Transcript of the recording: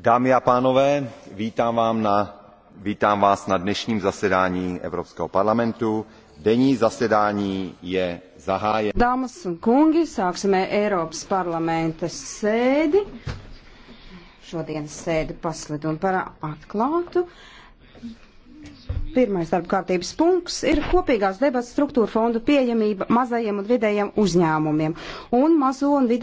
Dámy a pánové, vítám, vám na, vítám vás na dnešním zasedání Evropského parlamentu. Denní zasedání je zahájeno. Dāmas un kungi, sāksim Eiropas parlamenta sēdi. Šodien sēdi paslidinu par atklātu. Pirmais darba kārtības punkts ir kopīgās debats struktūra fondu pieejamība mazajiem un vidējiem uzņēmumiem un mazo un vidē.